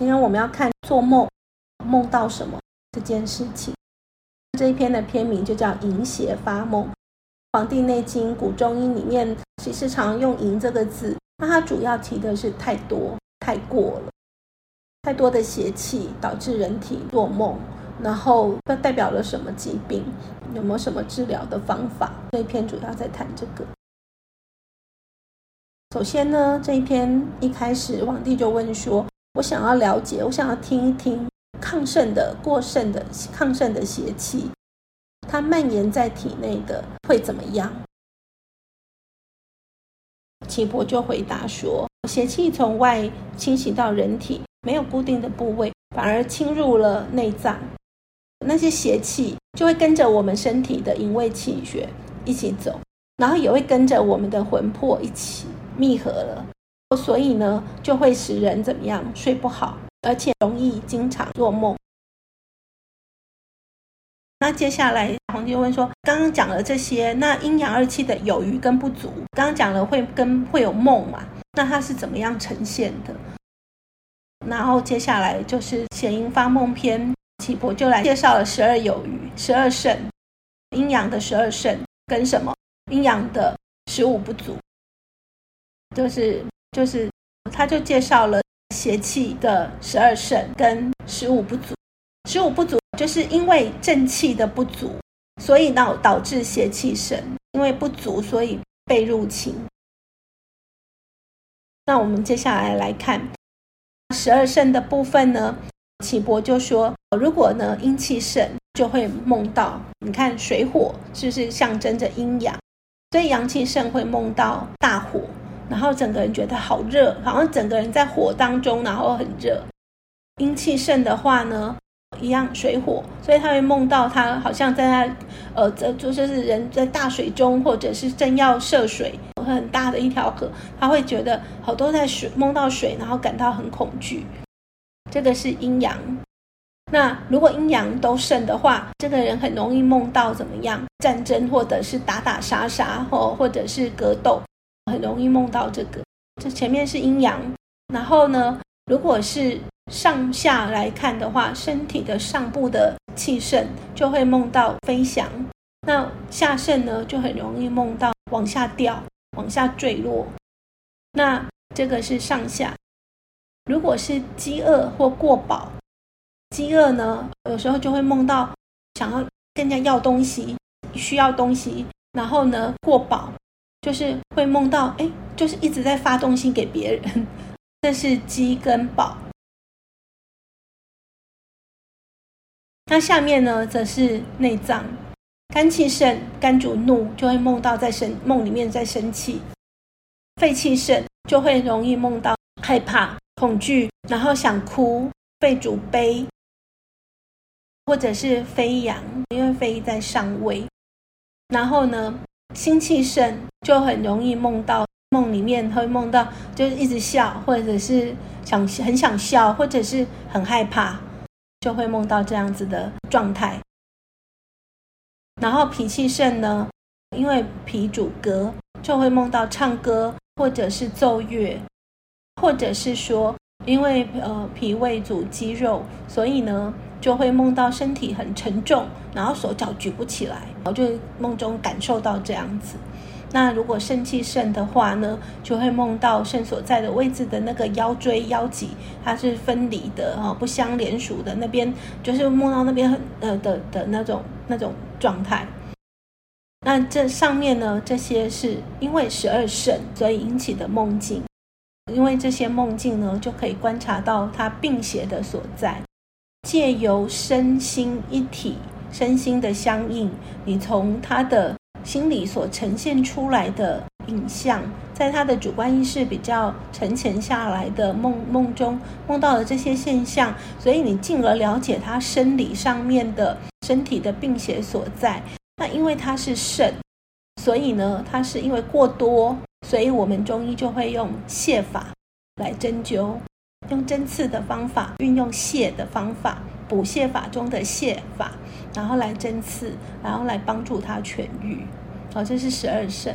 今天我們要看做夢夢到什麼這件事情。這一篇的篇名就叫“淫邪發夢”。《黃帝內經》古中醫裡面其實常用“淫”這個字，那它主要提的是太多、太過了，太多的邪氣導致人體做夢，然後它代表了什麼疾病？有沒有什麼治療的方法？這一篇主要在談這個。首先呢，這一篇一開始，黃帝就問說。我想要了解，我想要聽一聽亢盛的、過盛的、亢盛的邪氣，它蔓延在體內的會怎麼樣？歧伯就回答說，邪氣從外侵襲到人體，沒有固定的部位，反而侵入了內臟。那些邪氣就會跟着我們身體的營衛氣血一起走，然後也會跟着我們的魂魄一起密合了。所以呢，就會使人怎麼樣，睡不好，而且容易經常做夢。那接下來，黃帝問說：“剛剛講了這些，那陰陽二氣的有餘跟不足，剛剛講了會跟會有夢嘛？那它是怎麼樣呈現的？”然後接下來就是《淫邪發夢篇》，歧伯就來介紹了十二有餘、十二盛，陰陽的十二盛跟什麼？陰陽的十五不足，就是。就是，他就介紹了邪氣的十二盛跟十五不足。十五不足，就是因為正氣的不足，所以鬧導致邪氣盛。因為不足，所以被入侵。那我們接下來來看十二盛的部分呢，歧伯就說，如果呢，陰氣盛，就會夢到。你看水火是不是象徵着陰陽？所以陽氣盛會夢到大火。然後整個人覺得好熱，好像整個人在火當中，然後很熱。陰氣盛的話呢，一樣水火，所以他會夢到他好像在他，呃，就就是人在大水中，或者是正要涉水，很大的一條河，他會覺得好多在水，夢到水，然後感到很恐懼。這個是陰陽。那如果陰陽都盛的話，這個人很容易夢到怎麼樣？戰爭，或者是打打殺殺，或或者是格鬥。很容易夢到這個。這前面是陰陽，然後呢，如果是上下來看的話，身體的上部的氣盛就會夢到飛翔；那下盛呢，就很容易夢到往下掉、往下墜落。那這個是上下。如果是飢餓或過飽，飢餓呢，有時候就會夢到想要跟人家要東西、需要東西；然後呢，過飽。就是會夢到，哎，就是一直在發東西給別人。這是飢跟飽。那下面呢，則是內臟，肝氣盛，肝主怒，就會夢到在生夢裡面在生氣；肺氣盛，就會容易夢到害怕、恐懼，然後想哭，肺主悲，或者是飛揚，因為飛在上位。然後呢？心氣盛，就很容易夢到夢裡面會夢到就是一直笑，或者是想很想笑，或者是很害怕，就會夢到這樣子的狀態。然後脾氣盛呢，因為脾主歌，就會夢到唱歌，或者是奏樂，或者是說，因為呃脾胃主肌肉，所以呢。就會夢到身體很沉重，然後手腳舉不起來，我就夢中感受到這樣子。那如果腎氣盛的話呢，就會夢到腎所在的位置的那個腰椎、腰脊，它是分離的哦，不相連屬的，那邊就是夢到那邊很呃的的，的那種那種狀態。那這上面呢，這些是因為十二盛所以引起的夢境，因為這些夢境呢，就可以觀察到它病邪的所在。借由身心一體、身心的相應，你從他的心理所呈現出來的影像，在他的主觀意識比較沉潛下來的夢夢中夢到了這些現象，所以你進而了解他生理上面的身體的病邪所在。那因為他是腎，所以呢，他是因為過多，所以我們中醫就會用瀉法來針灸。用針刺的方法，運用瀉的方法，補瀉法中的瀉法，然後來針刺，然後來幫助他痊癒。好、哦，這是十二盛。